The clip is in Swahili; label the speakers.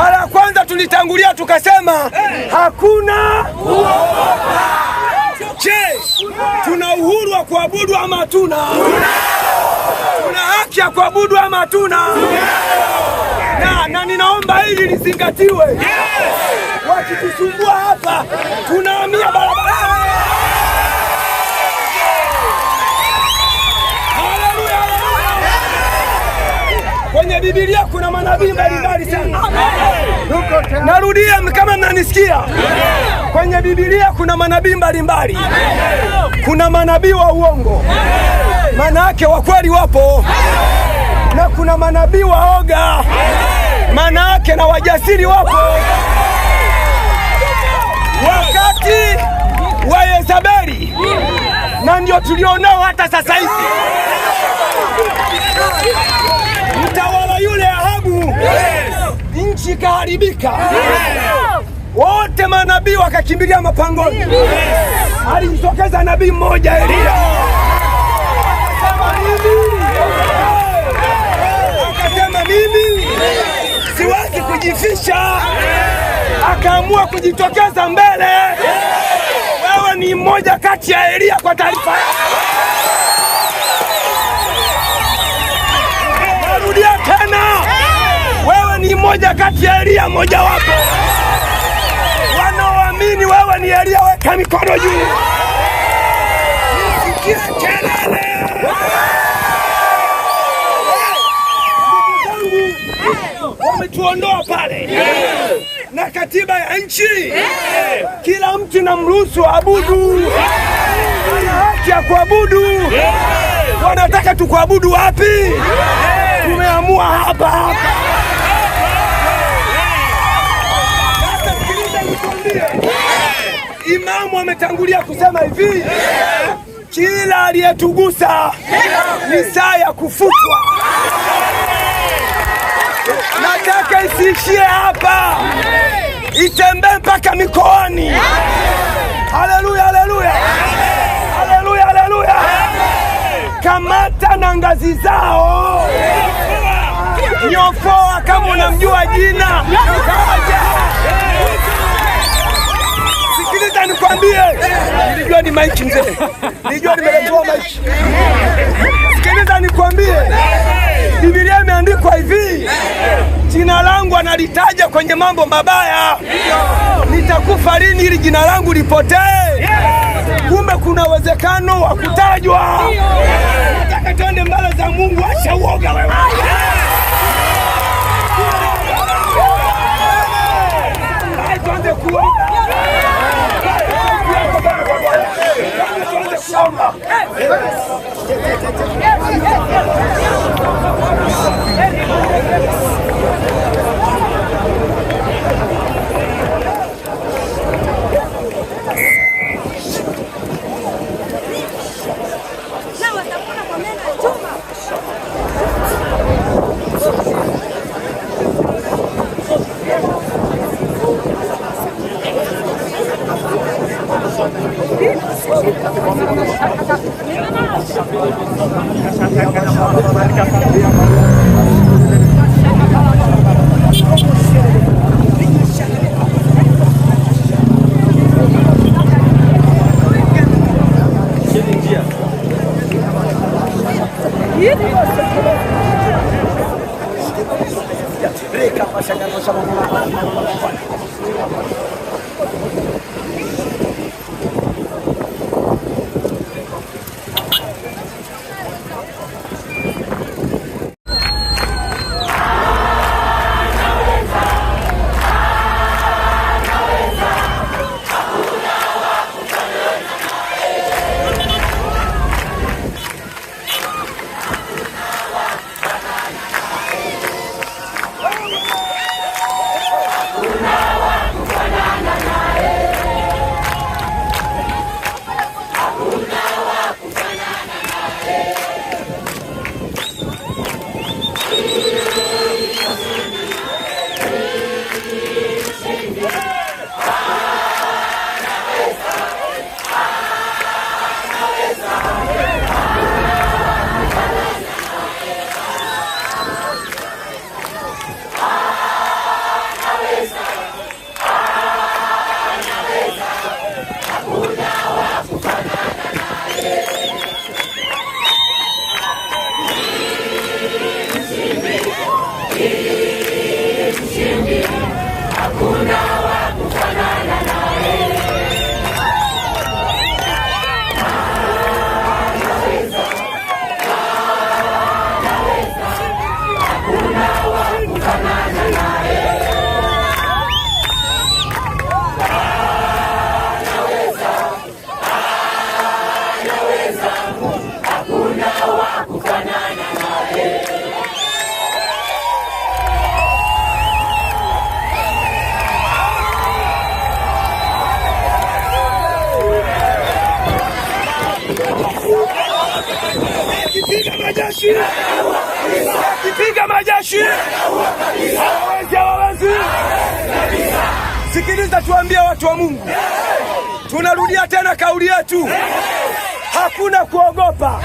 Speaker 1: Mara ya kwanza tulitangulia tukasema hakuna
Speaker 2: kuogopa.
Speaker 1: Je, tuna uhuru wa kuabudu ama hatuna? Tuna haki ya kuabudu ama hatuna? Na, na ninaomba hili lizingatiwe. Wakitusumbua hapa tunahamia barabara. Kwenye Biblia kuna manabii mbalimbali sana Narudia, kama mnanisikia, kwenye Biblia kuna manabii mbalimbali, kuna manabii wa uongo, maana yake wakweli wapo, na kuna manabii waoga, maana yake na wajasiri wapo. Wakati wa Yezabeli na ndio tulionao hata sasa hivi. nchi ikaharibika, wote manabii wakakimbilia mapangoni. Alimtokeza nabii mmoja Elia akasema mimi siwezi kujificha, akaamua kujitokeza mbele. Wewe ni mmoja kati ya Elia kwa taarifa yako. Narudia tena ni moja kati ya moja wapo. Wanaoamini wewe ni Elia, weka mikono juu, Wametuondoa pale na katiba ya nchi, kila mtu na mruhusu abudu, ana haki ya kuabudu. Wanataka tukuabudu wapi? Tumeamua hapa hapa. Imamu ametangulia kusema hivi, kila aliyetugusa ni saa ya kufutwa. Nataka isiishie hapa, itembee mpaka mikoani. Haleluya, haleluya, haleluya, haleluya! Kamata na ngazi zao, nyofoa kama unamjua jina Sikiliza nikwambie, nilijua ni maiki mzee, nilijua nimeletewa maiki. Sikiliza nikwambie, Biblia imeandikwa hivi, jina langu analitaja kwenye mambo mabaya. Nitakufa lini ili jina langu lipotee? Kumbe kuna uwezekano wa kutajwa. Nataka twende mbele za Mungu, acha uoga wewe. Tuanze kuoga Yes! Yes!
Speaker 3: টাকা পয়সা
Speaker 1: majeshi, piga majeshi, hawawezi Sikiliza, tuambie watu wa Mungu, tunarudia tena kauli yetu, hakuna kuogopa.